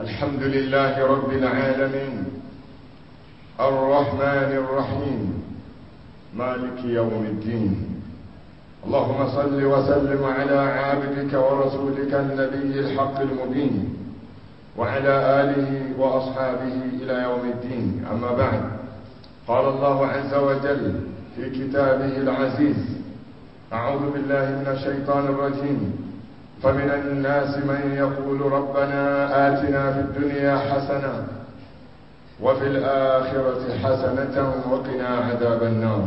الحمد لله رب العالمين الرحمن الرحيم مالك يوم الدين اللهم صل وسلم على عابدك ورسولك النبي الحق المبين وعلى آله وأصحابه إلى يوم الدين أما بعد قال الله عز وجل في كتابه العزيز أعوذ بالله من الشيطان الرجيم فمن الناس من يقول ربنا آتنا في الدنيا حسنة وفي الآخرة حسنة وقنا عذاب النار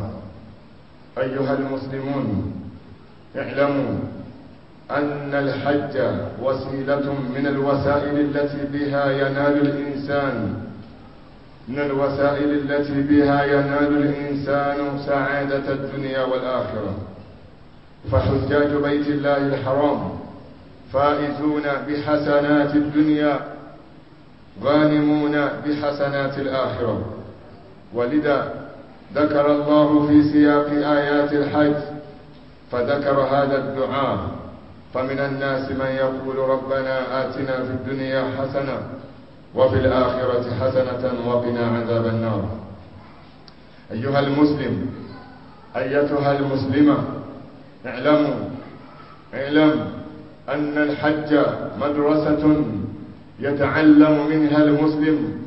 أيها المسلمون اعلموا أن الحج وسيلة من الوسائل التي بها ينال الإنسان من الوسائل التي بها ينال الإنسان سعادة الدنيا والآخرة فحجاج بيت الله الحرام فائزون بحسنات الدنيا غانمون بحسنات الآخرة ولذا ذكر الله في سياق آيات الحج فذكر هذا الدعاء فمن الناس من يقول ربنا آتنا في الدنيا حسنة وفي الآخرة حسنة وقنا عذاب النار أيها المسلم أيتها المسلمة اعلموا اعلموا أن الحج مدرسة يتعلم منها المسلم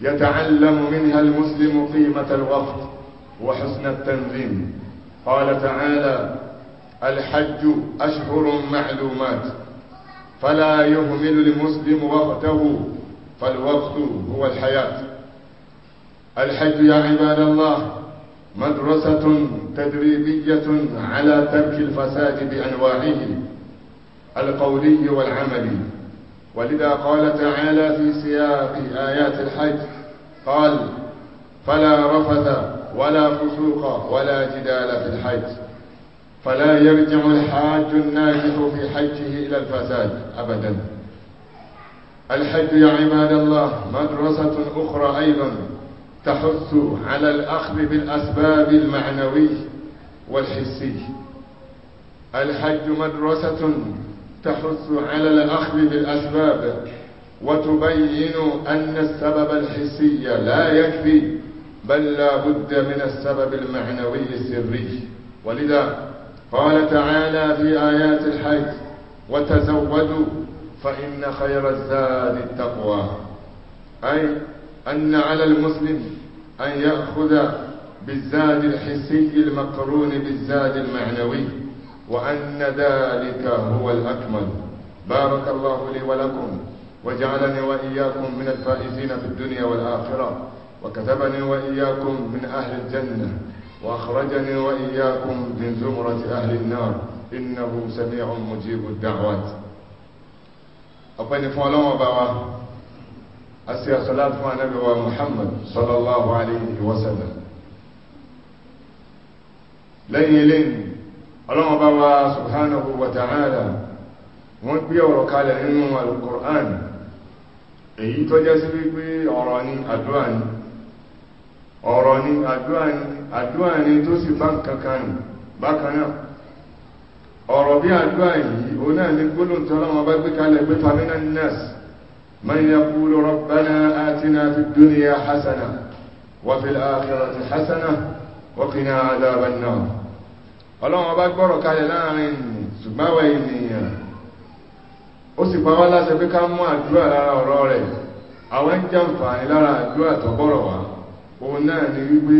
يتعلم منها المسلم قيمة الوقت وحسن التنظيم قال تعالى الحج أشهر معلومات فلا يهمل المسلم وقته فالوقت هو الحياة الحج يا عباد الله مدرسة تدريبية على ترك الفساد بأنواعه القولي والعملي ولذا قال تعالى في سياق آيات الحج قال فلا رفث ولا فسوق ولا جدال في الحج فلا يرجع الحاج الناجح في حجه إلى الفساد أبدا الحج يا عباد الله مدرسة أخرى أيضا تحث على الأخذ بالأسباب المعنوي والحسي الحج مدرسة تحث على الأخذ بالأسباب وتبين أن السبب الحسي لا يكفي بل لا بد من السبب المعنوي السري ولذا قال تعالى في آيات الحج وتزودوا فإن خير الزاد التقوى أي أن على المسلم أن يأخذ بالزاد الحسي المقرون بالزاد المعنوي وأن ذلك هو الأكمل بارك الله لي ولكم وجعلني وإياكم من الفائزين في الدنيا والآخرة وكتبني وإياكم من أهل الجنة وأخرجني وإياكم من زمرة أهل النار إنه سميع مجيب الدعوات أبني فولون وبوا أسيا صلاة مع نبي محمد صلى الله عليه وسلم ليلين ọlọ́wọ́n bá wa subhanahu wa ta'ala wọ́n gbé ọ̀rọ̀ kalẹ̀ nínú al-Qur'an èyí tó jẹ́ sí wípé ọ̀rọ̀ ni àdúrà ni ọ̀rọ̀ ni àdúrà ni àdúrà ni tó sì bá kankan bákanáà ọ̀rọ̀ bí àdúrà yìí ó náà ní gbólóhùn tí ọlọ́wọ́n bá gbé kalẹ̀ pé famina nas ọlọ́run ọba gbọ́rọ̀ kalẹ̀ láàrin ṣùgbọ́nwẹ̀ ènìyàn ó sì pa wá láṣẹ pé ká mú àdúrà lára ọ̀rọ̀ rẹ̀ àwọn ń jàǹfààní lára àdúrà tọ́gbọ́rọ̀ wá òun náà ni wípé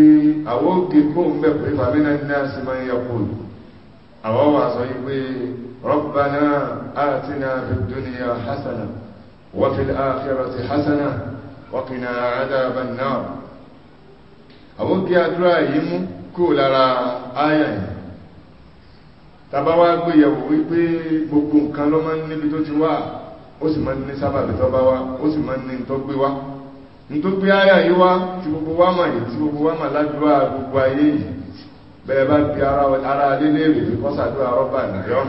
àwọn ògè gbóhùn bẹ̀ pé fàmínà ní àṣì máa ń yọkù àwọn wà sọ wípé rọ́bàná àtinà fìdúnìyà hasana wọ́n àwọn ògè àdúrà yìí mú kú lára áyà yìí tàbá wá gbéyẹ̀wò wípé gbogbo nǹkan ló máa ń níbi tó ti wá ó sì máa ń ní sábàbí tó bá wá ó sì máa ń ní tó gbé wá gbogbo wá mà yìí tí gbogbo wá mà ládùúgbà gbogbo ayé yìí bẹ́ẹ̀ bá bi ara alé léèrè pé kọ́sàdúrà rọ́bà náà yọ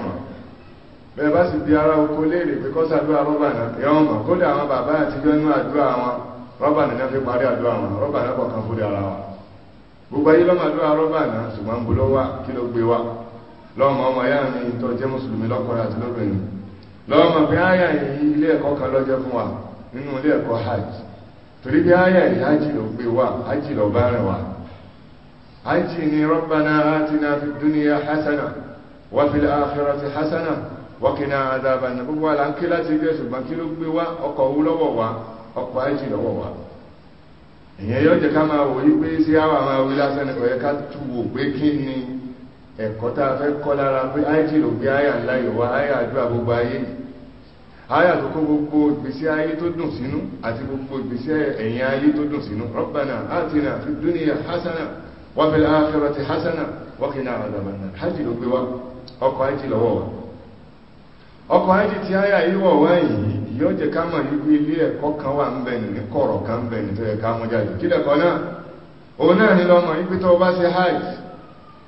bẹ́ẹ̀ bi ara oko léèrè pé kọ́sàdúrà rọ́bà náà yọ kódà àwọn bàbá àti àdúrà wọn rọ́bà fi parí àdúrà wọn rọ́bà lọ́mọ ọmọ yá mi tó jẹ́ mùsùlùmí lọ́kùnrin àti lóbìnrin lọ́mọ bí áyà yìí ilé ẹ̀kọ́ kan lọ́jẹ́ fún wa nínú ilé ẹ̀kọ́ hajj torí bí áyà yìí hajj ló gbé wa hajj ló bá rẹ̀ wa hajj ni rabbana atina fid dunya hasana wa fil akhirati hasana wa qina adhaban gbogbo aláǹkí láti gbé ṣùgbọ́n kí ló gbé wa ọkọ̀ owó lọ́wọ́ wa ọkọ̀ hajj lọ́wọ́ wa ìyẹn yóò jẹ́ ká máa wòye pé sí àwọn àwọn awilásẹ́ni yẹ ká túwò pé kí ni ẹ̀kọ́ tá a fẹ́ kọ́ lára pé áìtì ló gbé áyà ńlá ìwà áyà àdúrà gbogbo ayé áyà tó kó gbogbo ìgbésí ayé tó dùn sínú àti gbogbo ìgbésí ẹ̀yìn ayé tó dùn sínú rọ́bànà àtìnà fi dúnìyà hasana wà fẹ́lẹ̀ áfẹ́rẹ́ ti hasana wọ́kìnà àdàmànà áìtì ló gbé wa ọkọ̀ áìtì lọ́wọ́ wa ọkọ̀ áìtì ti áyà ìwọ̀ wáyìí yóò jẹ ká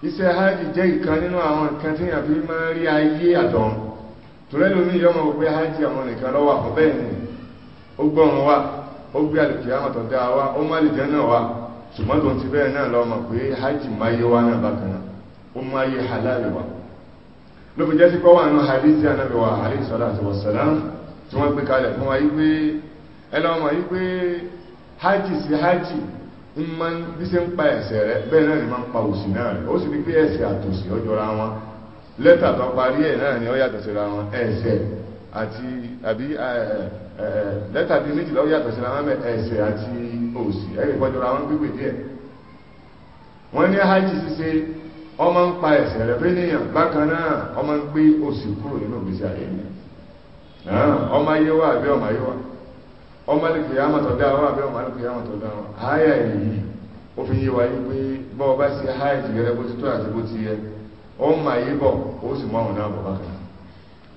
iṣẹ́ hajji jẹ́ ìkan nínú àwọn nǹkan tí ya fi máa rí ayé àtọ̀run torẹ́lú ní yọmọ gbé hajj àwọn nìkan lọ́wọ́ àkọ́bẹ̀ ni ó gbọ́run wá ó gbé àlùkì àmọ̀tọ̀ dá wá ó má lè jẹ́ náà wá ṣùgbọ́n tó ti bẹ́ẹ̀ náà lọ́mọ pé hajji máyé wá náà bákan náà ó máyé halal wá ló fi jẹ́ sí wa alayhi salatu ma ń bí sí ń pa náà ni ma pa òsì náà rẹ̀ ó sì ní pé ẹ̀ṣẹ̀ àtòsì ọjọ́ra wọn lẹ́tà tó parí ẹ̀ náà ni ó yàtọ̀ síra wọn ẹ̀ṣẹ̀ àti àbí méjìlá ó síra wọn àti òsì ẹ̀rì pọ́jọ́ra wọn gbígbè díẹ ní hajj ọmọ ń pa bákan náà ọmọ ń gbé òsì kúrò nínú ọmọ àbí ọmọ ọmọlùkì àmàtọ̀dá wọn àbí ọmọlùkì àmàtọ̀dá wọn ààyà yìí ó fi yé wa yí pé bọ́ọ̀ bá sí hajj gẹ́gẹ́ bó ti tó àti bó ti yẹ ó ń ma yí bọ̀ ó sì mọ́ ọ̀nà àbọ̀ bákan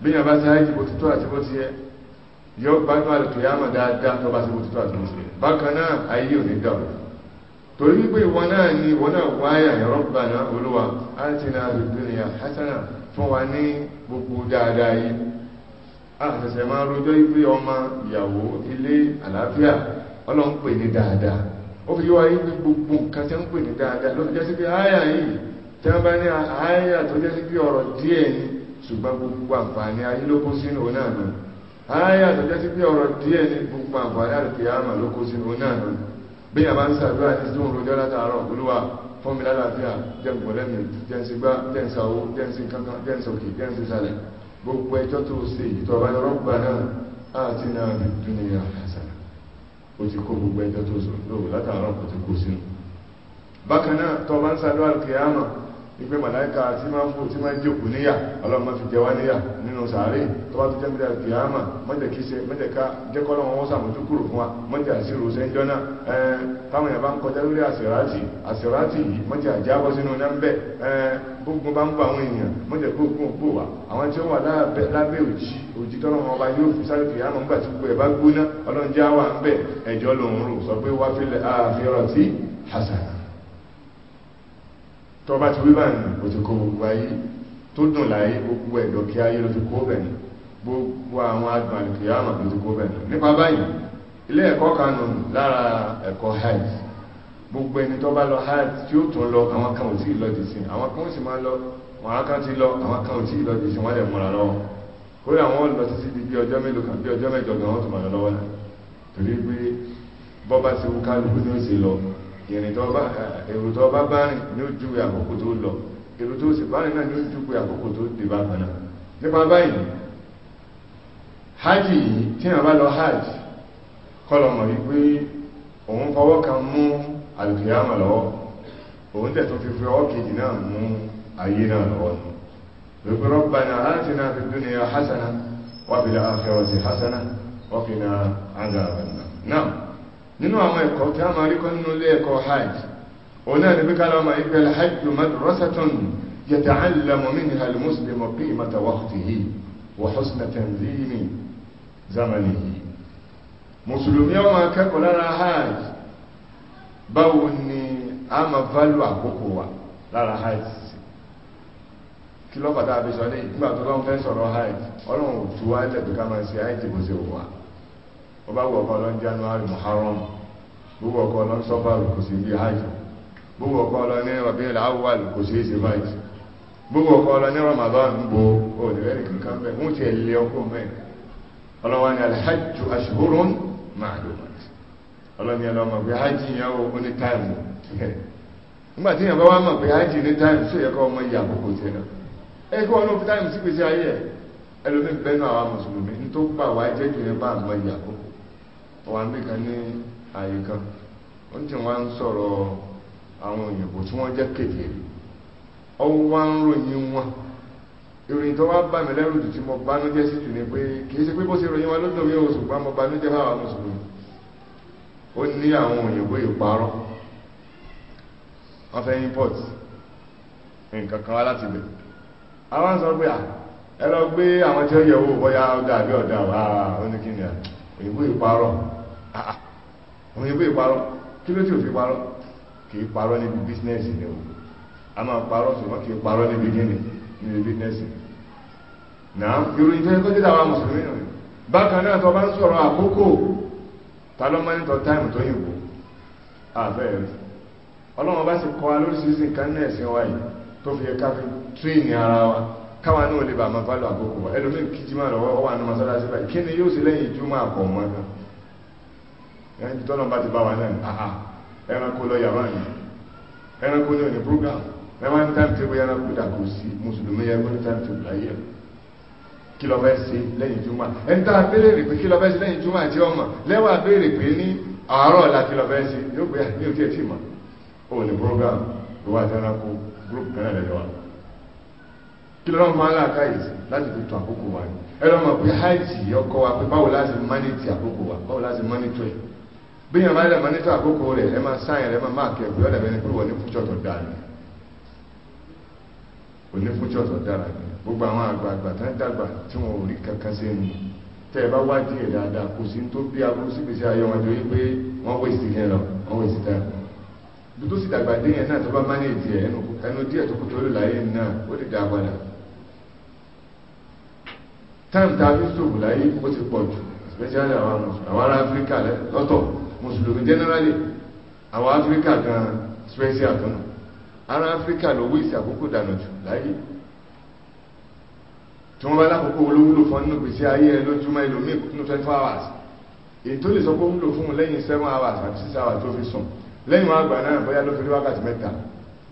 bí yàn bá sí hajj bó ti tó àti bó ti yẹ yóò gbádùn àlùkì àmà dáadáa tó bá sí bó ti tó àti bó ti yẹ bákan náà ayé ò ní dà torí wípé ìwọ náà ni ìwọ náà wáyà ìrọ́bà náà olúwa á ti náà lè gbé ní fún wa ní gbogbo dáadáa yìí àṣẹ̀ṣẹ̀ máa rojọ́ ìpé ọmọ ìyàwó ilé àlàáfíà ọlọ́run pè ní dáadáa ó fi yíwa yí gbogbo nǹkan tẹ́ ń pè ní dáadáa ló fi jẹ́ sí pé àyà yìí tẹ́ ń bá ní àyà tó jẹ́ sí pé ọ̀rọ̀ díẹ̀ ni ṣùgbọ́n gbogbo àǹfààní ayé ló kó sínú òun náà lọ àyà tó jẹ́ sí pé ọ̀rọ̀ díẹ̀ ni gbogbo àǹfààní àrùkè àmà ló kó sínú òun náà lọ bí i àbá ń sàdúrà ní tó ń rojọ́ látàárọ̀ olúwa fún mi lálàáfíà jẹ́ ń gbọ́lẹ́mì jẹ́ ń sigbá jẹ́ ń sàwó jẹ́ ń sin kankan jẹ́ ń sòkè jẹ́ ń sísàlẹ̀ gbogbo ẹjọ́ tó ṣe ìtọ́ba rọ́gbà náà àti náà rí dúnìyà hasana ó ti kó gbogbo ẹjọ́ tó sọ lóòrùn látàrọ̀ kò ti kó sínú bákan náà tọ́ba ń sàdọ́ àkíyàmà Igwe màláìka tí máa ń fò tí máa ń jòkó níyà ọlọ́mọ fi jẹ wá níyà nínú sàárè tó bá tó jẹ́ mẹ́ta kìáàmà mọ́jẹ̀ kíṣe mọ́jẹ̀ ká jẹ́kọ́ lọ́wọ́ wọ́n sàmójú kúrò fún wa mọ́jẹ̀ àṣírò sẹ́ńjọ́ náà táwọn èèyàn bá ń kọjá lórí àṣírátì àṣírátì yìí mọ́jẹ̀ àjábọ́ sínú náà ń gbogbo bá ń tó bá ti wí bá ní o ti kó gbogbo ayé tó dùn láyé gbogbo ẹ̀dọ̀ kí ayé ló ti kó bẹ̀rẹ̀ gbogbo àwọn adùn àlùkì àmà ló ti kó bẹ̀rẹ̀ nípa báyìí ilé ẹ̀kọ́ kanu lára ẹ̀kọ́ hajj gbogbo ẹni tó bá lọ hajj tí ó tún lọ àwọn kan ò tí ì lọ dì sí àwọn kan ó sì máa lọ wọn kan ti lọ àwọn kan ò tí ì lọ dì sí wọn lè múra lọ kódà àwọn lọ sí síbi bí ọjọ́ mélòó kan bí ọjọ́ mẹ́jọ gan wọn tó máa lọ lọ́wọ́ èrò tó bá bá rìn ní ojú àkókò tó lọ èrò tó sì bá rìn náà ní ojú pé àkókò tó dé bá kan náà nípa báyìí hajj yìí tí wọ́n bá lọ hajj kọlọmọ̀ wípé òun fọwọ́ kan mú alùkìyàmà lọ́wọ́ òun tẹ̀tún fi fi ọwọ́ kejì náà mú ayé náà lọ́wọ́ ni wípé rabbana atina fid dunya hasana wa fil akhirati hasana wa qina adhaban nar náà nínú àwọn ẹ̀kọ́ tí a máa rí kọ́ nínú ilé ẹ̀kọ́ hajj òun náà ni bí ká lọ́mọ ìgbẹ́ hajj madrasatun yata'allamu minha al-muslimu qimata waqtihi wa husna tanzimi zamanihi mùsùlùmí ọmọ akẹ́kọ̀ọ́ lára hajj báwo ni a máa válù àkókò wa lára hajj kí lọ́pàá tàbí sọ ní ìgbà tó lọ́n fẹ́ sọ̀rọ̀ hajj ọlọ́run ò tú ó bá wọ̀ ọkọ̀ lọ́n january muharram gbogbo ọkọ̀ lọ́n sọ́fàrù kò sí bí hajj gbogbo ọkọ̀ lọ ní ọ̀bẹ̀rẹ̀ awwal kò sí èsì hajj gbogbo ọkọ̀ lọ ní ramadan gbò olùrẹ́rì kankan bẹ̀ mú ti ẹ̀lẹ́ ọkọ̀ mẹ́ ọlọ́wọ́ ni alhajj ashhurun ma'lumat ọlọ́ni ẹlọ́mọ̀ pé hajj yẹn ó ní táìmù nígbàtí yẹn bá wá mọ̀ pé hajj ní táìmù sí ẹ̀kọ́ ọmọ ìyà àkókò tí ẹ̀nà ẹ̀kọ́ ọlọ́pù táìmù sí pèsè ayé ẹ̀ ẹlòmí bẹ́nu àwọn mùsùlùmí ní tó pà wà ń bí kan ní ààyè kan ó ti wá ń sọ̀rọ̀ àwọn òyìnbó tí wọ́n jẹ́ kèfèrí ọwọ́ wá ń ròyìn wọn ìròyìn tó wá bá mi lẹ́rù jù tí mo bánújẹ́ sí jù ní pé kìí ṣe pé bó ṣe ròyìn wọn ló dùn mí oṣù gbá mo bánújẹ́ bá àwọn mùsùlùmí ó ní àwọn òyìnbó ìparọ́ wọ́n fẹ́ import nǹkan kan wá láti bẹ̀ àwọn sọ pé ẹ lọ gbé àwọn tí ó yẹ̀wò bóyá ọ̀dà àbí ọ̀dà wà á ó ní kí ni àná ìwé ìparọ́ ah, ah. àwọn ìwé kí ló tí fi parọ́ kì í parọ́ níbi bísínẹ́sì ni o a máa parọ́ ṣùgbọ́n kì í parọ́ níbi gíní níbi bísínẹ́sì náà ìròyìn tó yẹ kó àwọn mùsùlùmí nù bákan náà tó bá ń sọ̀rọ̀ àkókò ta ló máa ń tọ táìmù tó yìnbó àfẹ́ ọlọ́run bá sì kọ́ wa nǹkan náà ẹ̀sìn káwọn náà lè bà máa bá lọ àkókò wa ẹlòmíì kí jí máa lọ ọwọ́ àná masalasi báyìí kí ni yóò sí lẹ́yìn ìjú máa kọ̀ mọ́ ẹ̀ka tọ́nà bá ti bá wa náà àhà ẹranko lọ yàrá mi ẹranko ní òní program ẹwà ní time table yàrá kó dà kó sí mùsùlùmí yẹn ní time table ayé kí lọ fẹ́ sí lẹ́yìn ìjú máa ẹni tá a béèrè rè pé kí lọ fẹ́ sí lẹ́yìn ìjú máa ọmọ lẹ́wà béèrè pé ní àárọ̀ la kí lọ fẹ́ sí yóò pé program ìwà àti group kan náà kí lọ́nà máa láàká yìí láti fi tún àkókò wa ní ẹlọ́mà pé hajji ọkọ wa pé báwo láti mánítì àkókò wa báwo láti mánítò bí yàn máa mánítò àkókò rẹ ẹ máa sáyẹn rẹ máa kẹ́ pé ọ̀dẹ̀bẹ̀ ni pé wọ́n ní tó dára tó dára gbogbo àwọn àgbààgbà tán dàgbà tí wọn ò rí kankan sí ẹnu ẹ bá dáadáa kò sí tó bí ayé wọn pé sí yẹn lọ sí time ta fi stroke láyé ó ti pọ̀ jù especially àwọn àwọn ará Áfíríkà lọ́tọ̀ mùsùlùmí generally àwọn Áfíríkà gan special àtúnà ará Áfíríkà ló wí ìsì àkókò dànù jù láyé tí wọ́n bá lákòókò olówúlò fún nínú pèsè ayé ẹ lójúmọ́ ìlòmí nínú 24 hours èyí tó lè sọ pé ó wúlò fún lẹ́yìn 7 hours àti 6 hours tó fi sùn lẹ́yìn wọn àgbà náà bóyá ló fi rí wákàtí mẹ́ta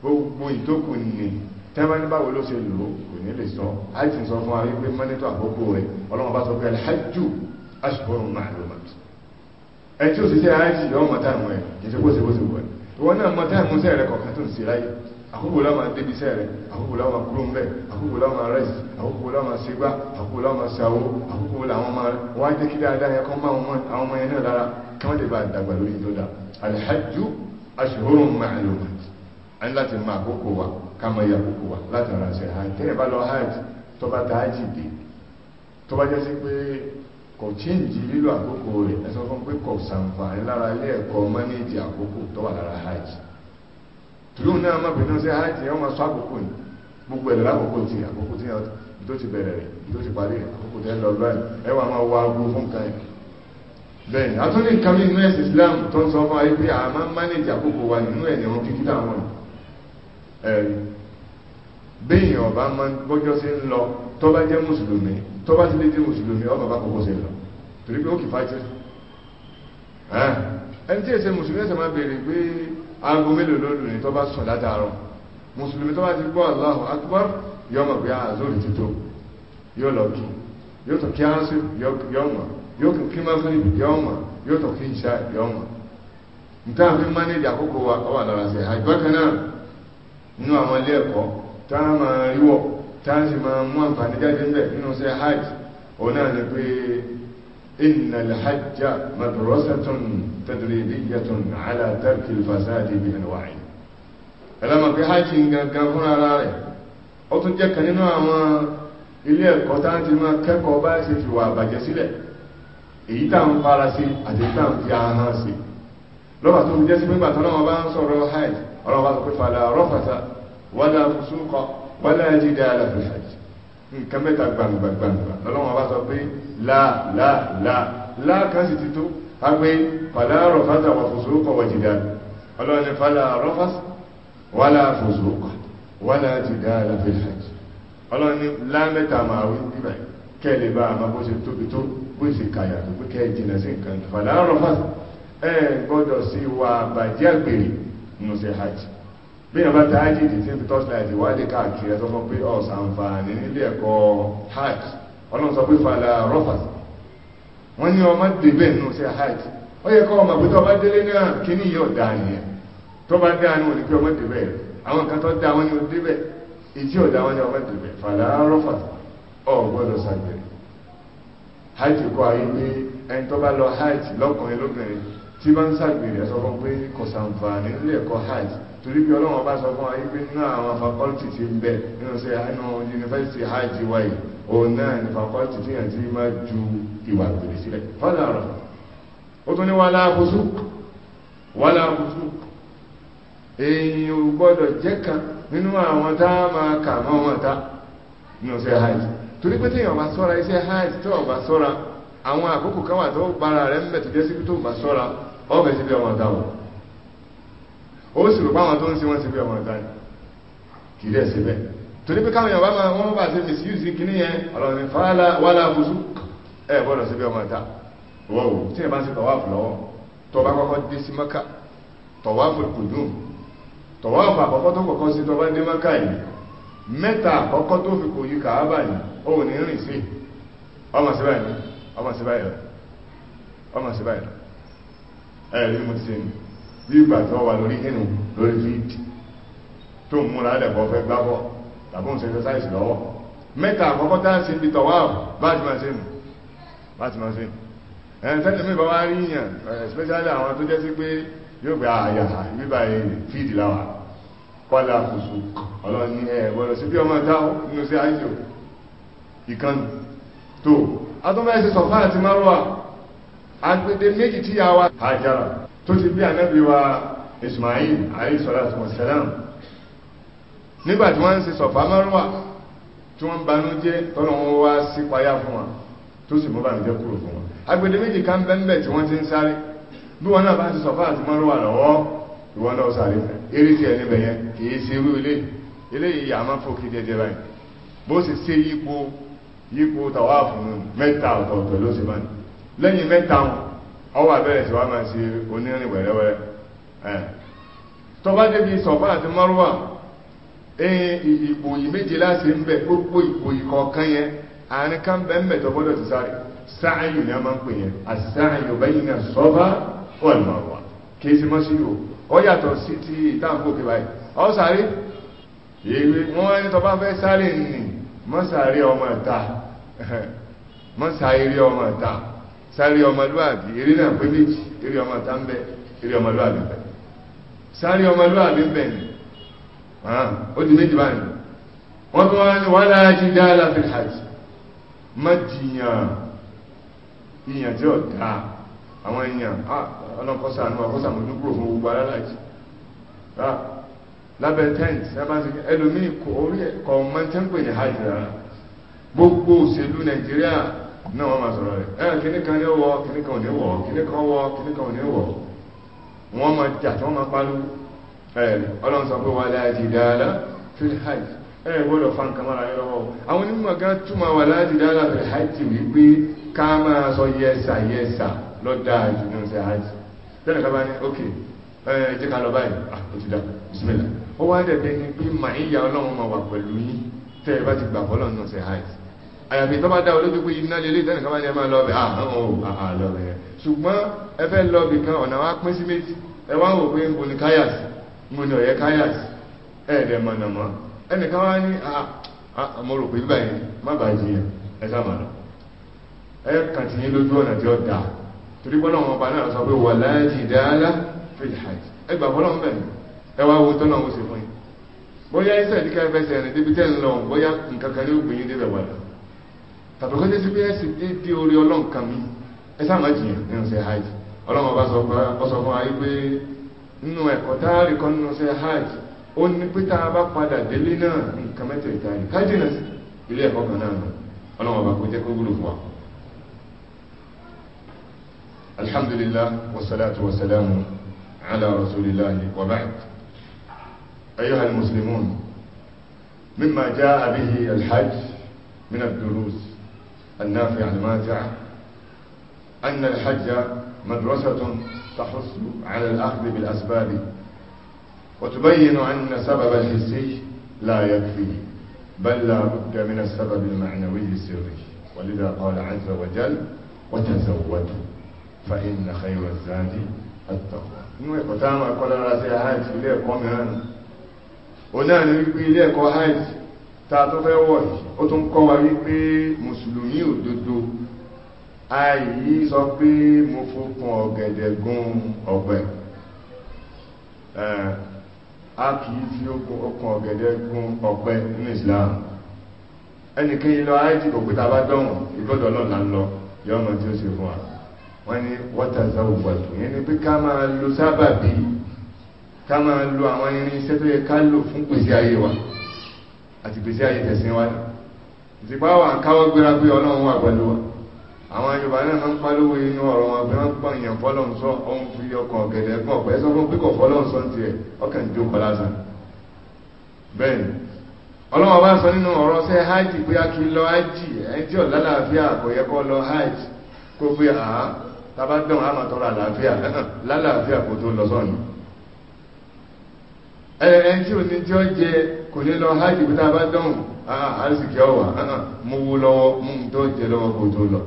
gbogbo ìtókù nìyẹn tẹ́bá ní báwo ló ṣe lò kò ní lè sọ àìtì sọ fún ayé pé mọ́nítọ̀ àkókò rẹ̀ ọlọ́wọ́ bá sọ pé alhajjú ashhurun ma'lumat ẹ tí ó sì ṣe àìtì yọ ọmọ táìmù ẹ̀ kì í ṣe bóṣe bóṣe wọ̀ ìwọ náà mọ táìmù sẹ́ rẹ̀ kọ̀ọ̀kan tó ń ṣe láyé àkókò láwọn débi sẹ́ rẹ̀ àkókò láwọn kúrò ńbẹ̀ àkókò láwọn rẹ̀s àkókò láwọn ṣẹgbá àkókò láwọn ṣàwó wọ́n á láti máa àkókò wa kama ya kòkò wà látara ṣe hajj tẹ́yẹ̀ bá lọ hajj tó bá ta hajj dé tó bá jẹ́ sí pé kò chíǹjì lílo àkókò rẹ̀ ẹsọ fún pé kò sàǹfààní lára ilé ẹ̀kọ́ mọ́nìjì àkókò tó wà lára hajj tùlù náà má bínú sí hajj yẹn wọ́n sọ àkókò ní gbogbo ẹ̀rọ lákòókò tí àkókò tí tó ti bẹ̀rẹ̀ rẹ̀ tó ti parí àkókò tẹ́ lọ lọ́ẹ̀ ẹwà máa wá agbó fún kan ẹ̀ bẹ́ẹ̀ àtúndì kan nínú Islam tó ń sọ fún ayé pé àmá mánìjì àkókò wà nínú ẹ̀ ẹ̀rí bẹ́yìn ọba ma gbọ́jọ́ sí ń lọ tó bá jẹ́ mùsùlùmí tó bá ti lé jẹ́ mùsùlùmí ọba bá kọ́kọ́ sí lọ torí pé ó kì fàájẹ́ ẹni tí èsẹ mùsùlùmí ẹsẹ máa bèèrè pé aago mélòó lóòlù ní tó bá látàárọ̀ mùsùlùmí tó ti gbọ́ Allahu Akbar yọ mọ̀ pé àzóòrì ah, ti tó yóò lọ kí yóò tọ̀ kí ánsì yọ mọ̀ yóò kí mọ́sílì yọ mọ̀ yóò tọ̀ kí ìṣà yọ mọ̀ nǹkan àfi àkókò wa wà lára sí àìgbọ́kanáà nínú àwọn ilé ẹ̀kọ́ tá a máa ríwọ̀ tá a sì máa mú àǹfààní jáde ńbẹ̀ nínú sí hajj òun náà ni pé inna al-hajj madrasatun tadribiyyatun ala tarki al-fasadi bi anwa'i ẹlọ́mọ̀ pé hajj ń gangan fún ara rẹ̀ ó tún jẹ́ kan nínú àwọn ilé ẹ̀kọ́ tá a ti máa kẹ́kọ̀ọ́ bá ṣe fi wà bàjẹ́ sílẹ̀ èyí tá ń fara sí àti tá ń fi ahán sí lọ́wọ́ tó pé gbàtọ́ náà wọ́n bá ń sọ̀rọ̀ hajj ọlọ́wọ́ sọ pé fàlà rọ́fàtà wọ́lá fúsúkọ wọ́lá jídá aláfihàj nǹkan mẹ́ta gbangbangbangba lọ́lọ́wọ́ bá sọ pé láàláàlá kan sì ti tó a pé fàlà rọ́fàtà wà fúsúkọ wà jídá ọlọ́wọ́ ni fàlà rọ́fàtà wọ́lá fúsúkọ wọ́lá jídá aláfihàj ọlọ́wọ́ ni lámẹ́ta máa wí bíbẹ̀ kẹ́lẹ̀ bá a máa bó ṣe tóbi tó bó ṣe kàyà tó pé kẹ́ jìnà sí nǹkan fàlà rọ́fàtà ẹ gbọ́dọ̀ sí wa bàjẹ́ àgbèrè nínú sí hajj bí yàn bá ta hajj ìdí tí ń tọ́ sílẹ̀ ìwádìí káàkiri ẹ̀ tó sọ pé ọ̀sànfààní oh, nílé ẹ̀kọ́ hajj ọlọ́run sọ pé fàlà rọ́fà wọ́n ní ọmọ débẹ̀ nínú sí hajj ó yẹ kọ́ ọmọ pé tó bá délé náà kí ní yóò dáa nìyẹn tó bá dáa ní òní pé ọmọ débẹ̀ àwọn kan tó dáa wọn ni ó débẹ̀ ìtí ọ̀dá wọn ni ọmọ débẹ̀ fàlà rọ́fà ọ̀ gbọ́dọ̀ sàgbẹ̀rẹ̀ hajj kọ́ ayé pé ẹni tó bá lọ hajj lọ́kùnrin lóbìnrin tí bá ń sàgbèrè sọ fún pé kò sàǹfààní lè kọ́ hajj torí bí ọlọ́run ọba sọ fún ayé pé nínú àwọn fakọ́lítì tí ń bẹ nínú sí àánú yunifásitì hajj wáyé òun náà ní fakọ́lítì tí yàn tí máa ju ìwà gbèrè sílẹ̀ fọ́nà ma ó tún ní wàhálà àbùsù wàhálà àbùsù ò gbọ́dọ̀ jẹ́ kan nínú àwọn tá a máa kà mọ́ wọn ta nínú ọbẹ̀ sí bí ọmọ ọ̀tá wọn ó sì rò páwọn tó ń sí wọ́n sí bí ọmọ ọ̀tá ni kì í rẹ̀ sí bẹ́ẹ̀ torí pé káwọn yàrá máa wọ́n bá ṣe fi sí yùsí kìíní yẹn ọ̀rọ̀ ní fàálà wàlà àbúsù ẹ̀ bọ́dọ̀ sí bí ọmọ ọ̀tá wọ́n wò tí ẹ̀ bá ń ṣe tọ̀wáàfù lọ́wọ́ tọba kọ́kọ́ dé sí mọ́kà tọ̀wáàfù kùdùn tọ̀wáàfù àkọ́kọ́ tó kọ́kọ́ sí tọba dé mọ́kà yìí mẹ́ta àkọ́kọ́ tó fi kò yí kàábà yìí ó ní rìn sí ọmọ síbáyìí ọmọ síbáyìí ọmọ síbáyìí ẹ̀rí muslim bí ìgbà tó wà lórí hínú lórí fíìdì tó ń múra lẹ́kọ̀ọ́ fẹ́ gbábọ́ tàbí ń sẹ́fẹ́ sáìsì lọ́wọ́ mẹ́ta àkọ́kọ́ tá sí ibi tọ̀wá bájúmọ́sẹ́mù bájúmọ́sẹ́mù ẹ̀ẹ́sẹ́lẹ̀ mi bá wá rí yàn especially àwọn tó jẹ́ sí pé yóò gbé àyà bíbá fíìdì láwà kọ́lá kùsù ọlọ́ni ẹ̀ẹ̀bọ̀lọ̀ sí bí ọmọ dáwọ́ nínú sí àìsò ìkànnì tó adúmọ̀ ẹ̀sẹ̀ sọ̀fà àti márùwà agbede méjì tí ya wa hajara tó ti bí anábì wa ismail alayhi salatu wa salam nígbàtí wọ́n ń ṣe sọ̀fà márùwà tí wọ́n banújẹ́ tọ́nà wọn wá sí payá fún wọn tó sì mú bànújẹ́ kúrò fún wọn agbede méjì kan bẹ́ẹ̀ tí wọ́n ti ń sáré bí wọn náà bá ti sọ̀fà àti márùwà lọ́wọ́ ìwọ́n náà sáré eré tí ẹni bẹ̀yẹn kìí ṣe irú ilé ilé yìí àmọ́ fòkì dẹ̀dẹ̀ báyìí bó sì ṣe yípo yípo tàwáàfù mẹ́ta ọ̀tọ̀ọ̀tọ̀ ló sì báyìí lẹ́yìn mẹ́ta ọwọ́ abẹ́rẹ̀ sí wá máa ṣe onírìn wẹ̀rẹ́wẹ́rẹ́ tọba débi sọ̀fà àti mọ́rúwà ìgbòyì méje láti ń bẹ̀ gbogbo ìgbòyì kọ̀ọ̀kan yẹn àárín ká ń bẹ̀ ń bẹ̀tọ̀ gbọ́dọ̀ ti sáré sáàyù ni a máa ń pè yẹn àsáàyù bẹ́yìn náà sọ́fà wọ́n mọ̀rúwà kìí sí mọ́sí yòó ọ yàtọ̀ sí ti ìtàǹkó báyìí ọ sáré èwe wọ́n sáré ọmọlúwàbí eré náà pé méjì eré ọmọ tá ń bẹ eré ọmọlúwàbí bẹ sáré ọmọlúwàbí bẹ ni ah, ó di méjì báyìí wọ́n tó wá ní wọ́n láti dáadáa fi hajj má jìyàn ìyàn tí ó dá àwọn èèyàn ọlọ́kọ́sà ní ọkọ́sà mọ̀lúkúrò fún gbogbo alálàjì ah, lábẹ́ tent ẹlòmíì kò orí ẹ̀kọ́ mọ́tẹ́ńpẹ̀ hajj rárá gbogbo òṣèlú Nàìjíríà náà wọ́n máa sọ̀rọ̀ rẹ̀ ẹ̀ kíní kan ní wọ́ kíní kan ní wọ́ kíní kan wọ́ kíní kan ní wọ́ wọ́n máa jà tí wọ́n máa pálú ẹ̀rì eh, ọlọ́run sọ pé wà láti dáadáa fil hajj eh, ẹ̀ gbọ́dọ̀ fa nǹkan mara yẹn lọ́wọ́ àwọn onímọ̀ kan túmọ̀ wà láti dáadáa fil hajj wípé ká máa sọ yẹsà yẹsà lọ́dà jù ní ṣe hajj lẹ́nu ká bá ní ok eh, ẹ jẹ́ ká lọ báyìí ah, ó ti dá bismillah àyàfi tó bá dá olójú pé iná lè lè tẹ́nìkan bá ní ẹmà lọ́bẹ̀ àhàn ah, oh, ah, ah, lọ́bẹ̀ ṣùgbọ́n ẹfẹ́ lọ́bì kan ọ̀nà wá pín sí méjì ẹwà wò pé mo ní káyàs mo ní ọ̀yẹ́ káyàs ẹ̀ẹ̀dẹ̀ mọ̀nà mọ́ ẹnìkan wá ní àmọ́ rò pé bíbà yìí má bàá jiyàn ẹ sáàmà lọ ẹ kàn sí lójú ọ̀nà tí ó dà torí bọ́lá wọn bá náà sọ pé wà láàjì dáálá fìlhàjì ẹ gbà bọ́lá wọn bẹ̀rẹ̀ ẹ wá wo tọ́nà wọn sì fún yìí bóyá iṣẹ́ ìdíkà fẹsẹ̀ rìn débi tẹ́ ń lọ bóyá nǹkan kan ní ògbìn yìí débẹ̀ wà lọ tàbí kó jẹ́ sí pé ẹ̀sìn dédé orí ọlọ́run kan mi ẹ sáà má jìyàn nínú ṣe hajj ọlọ́run ọba sọ fún ayé pé nínú ẹ̀kọ́ táàrí kan nínú ṣe hajj ó ní pé tá padà délé náà nǹkan mẹ́tẹ̀ẹ̀ta ni ká jìnà sí ilé ẹ̀kọ́ kan náà ọlọ́run ọba kó jẹ́ kó wúlò fún wa alhamdulillah wasalatu wasalamu ala rasulillah wa ba'd ayyuha almuslimun mimma jaa bihi alhajj min ad النافع الماتع أن الحج مدرسة تحث على الأخذ بالأسباب وتبين أن سبب الحسي لا يكفي بل لا بد من السبب المعنوي السري ولذا قال عز وجل وتزودوا فإن خير الزاد التقوى نوي قتامة táwọn راسي lára sí ومهان ونالي بيليك mìíràn ta fẹ́ wọ̀ yìí ó tún kọ́ wa wípé mùsùlùmí òdodo àìyí sọ pé mo fòkun ọ̀gẹ̀dẹ̀ gún ọ̀bẹ a kìí fi okun ọ̀gẹ̀dẹ̀ gún ọ̀bẹ ní Islam ẹnìkan ilọ̀ àìjì kò pé tàbá dọ̀wọ̀n ìgbọ́dọ̀ lọ́nà lọ yọmọ tí ó ṣe fún wa wọ́n ní wọ́tà sáwùwàtò yẹn ni pé ká máa lo sábàbí ká máa lo àwọn irin tó yẹ ká lò fún pèsè ayé wa àti gbèsè ayé tẹ̀sìn wáyé ti bá wà ń káwọ́ gbéra pé ọlọ́run wà pẹ̀lú wa àwọn yorùbá náà máa ń pálówó inú ọ̀rọ̀ wọn bí wọ́n pọ̀ èèyàn fọ́lọ́run sọ kan ọ̀pẹ́ sọ fún pípọ̀ fọ́lọ́run sọ ti ọkàn jó lásán ọlọ́run bá sọ nínú hajj pé a kì í hajj kò lọ hajj kó tábà dán tọrọ àlàáfíà lálàáfíà kò tó lọ tí ò ní kò ní lọ hajj bí tá a bá dánwò àrísìkí ọwà mú wú lọ́wọ́ mú tó jẹ lọ́wọ́ kò tó lọ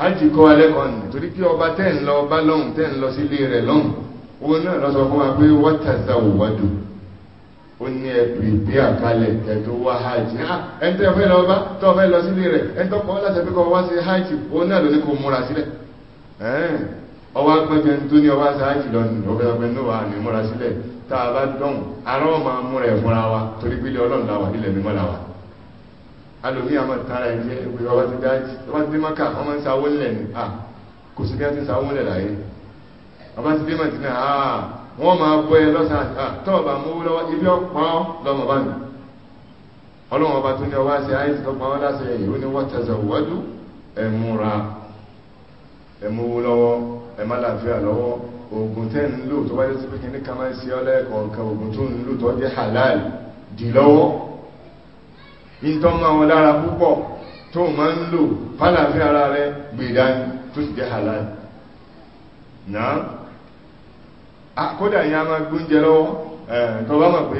hajj kọ́ alẹ́kọ̀ọ́ nì torí pé ọba tẹ́ ń lọ ọba lọ́hùn tẹ́ ń lọ sílé rẹ̀ lọ́hùn owó náà lọ́sọ fún wa pé wọ́tàzà òwádùn ó ní ẹ̀pì bí àkálẹ̀ ẹ̀tọ́ wá hajj ẹni tẹ́ fẹ́ lọ bá tọ́ fẹ́ lọ sílé rẹ̀ ẹni tọ́kọ́ láti ẹ̀fẹ́ kọ́ wá sí hajj owó náà lóní kò múra sílẹ̀ ọwá pẹ́jẹ tó ní ọwá sáájì lọ́nà ọgbẹ́gbẹ́ ní wà ní múra sílẹ̀ tàà bá dọ́n ara ọmọ múra ẹ̀fúnra wa torí pílẹ̀ ọlọ́nà wà nílẹ̀ mímọ́ la wa alòmí àmọ́ tààrà ẹ̀jẹ́ ìwé ọwá ti dájì ọwá ti dé mọ́kà ọmọ ń sáwó lẹ̀ ní à kò sí bí a ti sáwó lẹ̀ láyé ọba ti dé mọ̀ ti náà à wọ́n máa bọ́ ẹ lọ́sàn-án tọ́ọ̀bà mú lọ́wọ́ ẹ̀má làáfíà lọ́wọ́ oògùn tẹ́ ń lò tó bá jẹ́ sí pé kìíní kan máa ń ṣe ọ́ lẹ́ẹ̀kọ̀ọ̀kan tó ń lò tó jẹ́ halal dì lọ́wọ́ ìtọ́ máa wọn lára púpọ̀ tó máa ń lò fálàfíà ara rẹ gbèdání e tó sì jẹ́ halal na kódà ìyá máa gbóúnjẹ lọ́wọ́ tó bá mọ̀ pé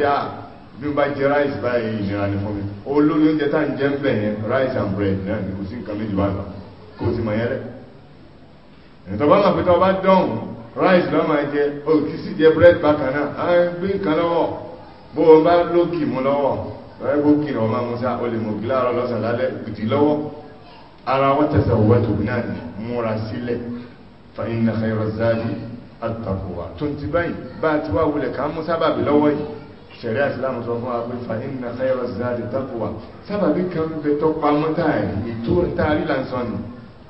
bí o bá jẹ rice báyìí ìnira ní fún mi olórí oúnjẹ tá ń jẹ ń bẹ̀yẹn rice and bread náà ni kò sí nǹkan méjì wá lọ kò sí mọ̀ yẹn rẹ̀ ìtọ́bá mọ̀ pé tọ́ bá dọ̀hùn rice lọ́mọ jẹ òkì sí jẹ bread bákan náà á ń gbé nǹkan lọ́wọ́ bó o bá lókì mú lọ́wọ́ lọ́wọ́ bó kìrì ọmọ musa o lè mọ̀ kí láàárọ̀ lọ́sàn lálẹ́ gbìdì lọ́wọ́ ara wọ́n tẹ̀sẹ̀ òwẹ́ tó náà ní múra sílẹ̀ fa inna khayra zadi at tó ti báyìí bá ti wá wulẹ̀ ká mú sábàbí lọ́wọ́ yìí sẹ̀rí àsìlámù sọ fún agbé fa inna khayra sábàbí kan bẹ tọ́pamọ́ táà ètò táà rí lásán nù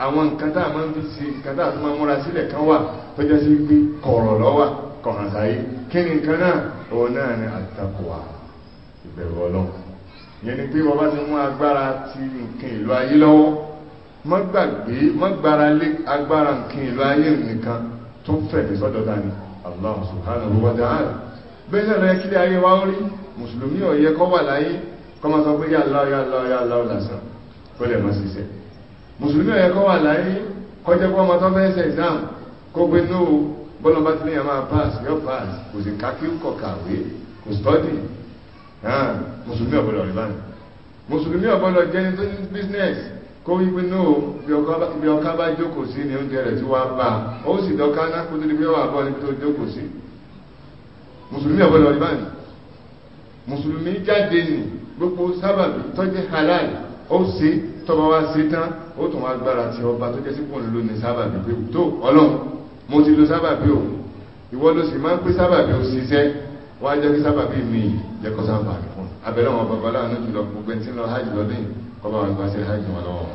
àwọn nǹkan tá a máa ń fi ṣe nǹkan tá a tó máa múra sílẹ̀ kan wà tó jẹ́ sí pé kọ̀rọ̀ lọ́wà kọ̀ràn sáyé kí ni nǹkan náà òun náà ni àtàkùwà ìbẹ̀rù ọlọ́run ìyẹn ni pé wọ́n bá ti mú agbára ti nǹkan ìlú ayé lọ́wọ́ má gbàgbé má gbára lé agbára nǹkan ìlú ayé nìkan tó fẹ̀mí sọ́dọ̀ dání Allah subhanahu wa ta'ala bẹ́ẹ̀ rẹ̀ kílẹ̀ ayé wá rí mùsùlùmí ó yẹ kó wà láyé kó máa sọ pé yà Allah yà Allah yà lè máa ṣiṣẹ́ mùsùlùmí ọ̀yẹ́ kọ́ wà láyé kọjẹ́ pọ́ ọmọ tó fẹ́ ṣe exam kó gbé ní bọ́lọ̀ bá ti ní àmà pass yọ pass kò sì ká kí kọ̀ kàwé kò study mùsùlùmí ọ̀bọ̀lọ̀ rí báyìí mùsùlùmí ọ̀bọ̀lọ̀ jẹ́ ní tó ní business kó wípé ní o bí ọká bá jókòó sí ní oúnjẹ rẹ̀ tí wá bá ó sì dọ́ká ná kó tó di pé wà bọ́ ní tó jókòó sí ọ̀bọ̀lọ̀ rí báyìí ó ṣe tọ́ba wá ṣe tán ó tún wá gbára ti ọba tó jẹ́ sí pò ń lo ní sábàbí pé tó ọlọ́run mo ti lo sábàbí o ìwọ ló sì máa ń pé sábàbí o ṣiṣẹ́ wá jẹ́ kí sábàbí mi jẹ́ kọ́ sábàbí fún abẹ́rẹ́ wọn bàbá láàánú jùlọ gbogbo ẹni tí ń lọ hajj lọ́dún kọ́ba wọn gbàṣẹ hajj wọn lọ́wọ́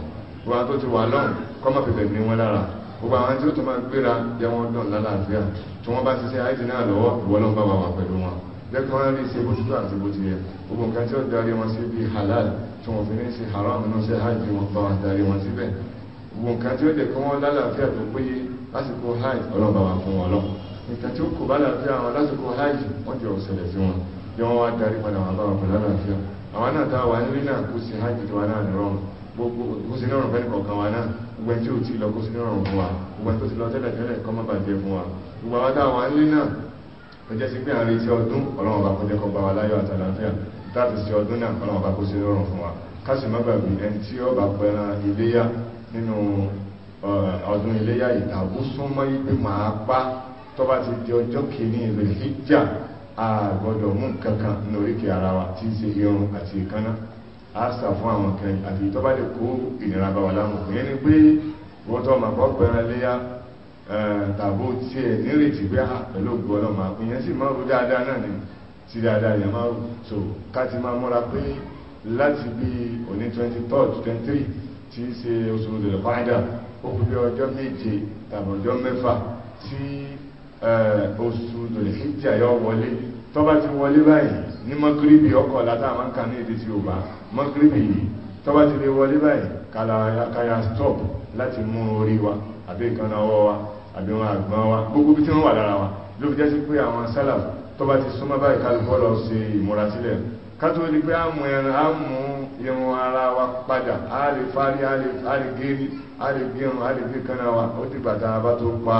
wọn wọn tó ti wà lọ́run kọ́ má fi bẹ̀rẹ̀ wọn lára gbogbo àwọn tí ó tó máa gbéra jẹ́ wọn dán lálàáfíà tí wọ́n bá ṣiṣẹ́ hajj náà lọ́wọ́ ìwọ lọ́n bá wà pẹ̀lú wọn jẹ́ rí ṣe bó ti tó àti bó ti yẹ gbogbo nǹkan tí ó darí wọn sí bíi halal tí wọ́n fi ní sí haram inú sí hajj wọn bá wọn darí wọn síbẹ̀ gbogbo nǹkan tí ó lè kọ́ wọn lálàáfíà tó péye lásìkò hajj ọlọ́ba wa fún wọn lọ nǹkan tí ó kò bá lálàáfíà wọn lásìkò hajj wọ́n jẹ́ òṣèlè sí wọn bí wọ́n wá darí padà wọn bá wọn pẹ̀lú lálàáfíà àwọn náà tá a wà nílé náà kó sí hajj tó wà náà nìrọ̀rùn gbogbo kó sí nírọ̀rùn fẹ́ni kọ̀ọ̀kan wa náà gbogbo tí ó ti lọ kó sí nírọ̀rùn fún wa gbogbo tó ti lọ tẹ́lẹ̀ tẹ́lẹ̀ kọ́ má bàjẹ́ fún wa gbogbo àwọn tá nílé náà ó jẹ́ sí pé àárín tí ọdún ọlọ́run bá kó jẹ́ kó bá wa láyọ̀ àtàlàáfíà láti sí ọdún náà ọlọ́run bá kó sí lọ́rùn fún wa kásì má gbàgbé ẹni tí ó bá pẹran iléyá nínú ọdún iléyá ìtàbú súnmọ́ ibi máa pa tó bá ti di ọjọ́ kìíní rẹ̀ hijja àgbọ̀dọ̀ mú kankan lóríkè ara wa tí í ṣe irun àti ìkánná a sà fún àwọn kan àti tó lè kó ìnira bá wa láwọn òkú yẹn ni pé wọ́n tó máa kọ́ pẹran iléyá tàbó tí ẹ̀ nírètí pé à ah, pẹ̀lú ògbó ọlọ́mà ìyẹn sì máa rú dáadáa náà ni tí dáadáa yẹn máa rú so káti máa múra pé láti bí òní 23rd 23 tí í ṣe oṣù òdòdó fáìdà ó kú bí ọjọ́ méje tàbí ọjọ́ mẹ́fà tí oṣù òdòdó hijja yọ wọlé tó bá ti wọlé báyìí ní mọ́gíríbì ọkọ̀ látàmà kan ní èdè tí ó bá mọ́gíríbì yìí tó bá ti lè wọlé báyìí kàyà stop láti mú orí wa àbí ìkànnà ọwọ́ wa àbí àgbọn wa gbogbo bí tí wọ́n wà lára wa ló fi jẹ́ sí pé àwọn sálà tó bá ti súnmọ́ báyìí kálukọ́ lọ sí ìmúra sílẹ̀ kátó di pé àmú ẹran ara wa padà a lè fárí a lè géèrí a lè gérun a lè gbé kaná wa ó ti gbàtà bá tó pa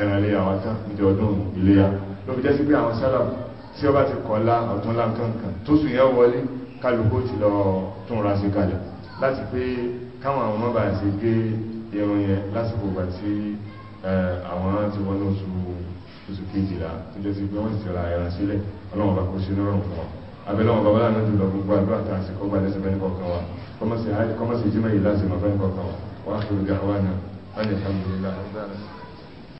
ẹran ilé àwọn tán níjọ ọdún iléyà ló fi jẹ́ sí pé àwọn sálà tí ó bá ti kọ̀ọ́lá ọ̀tún láǹkankan tó sùn yẹn wọlé kálukó ti lọ tún ra sí kalẹ̀ láti pé káwọn àwọn ọmọ bá ṣe gé irun yẹn lásìkò gbà àwọn ti wọ́n ní oṣù kejìlá tó jẹ́ sí pé wọ́n ti ra ẹ̀ràn sílẹ̀ ọlọ́wọ́n bá kó sí lọ́rùn fún wọn abẹ́lọ́wọ́n bàbá láàrín jùlọ gbogbo àdúrà tàà sí kọ́gbà lẹ́sẹ̀ fẹ́ kọ̀ọ̀kan wa kọ́mọ̀sí jímọ̀ yìí láti mọ̀ fẹ́ kọ̀ọ̀kan wa wà á kí o gà wà náà wà ní alhamdulillah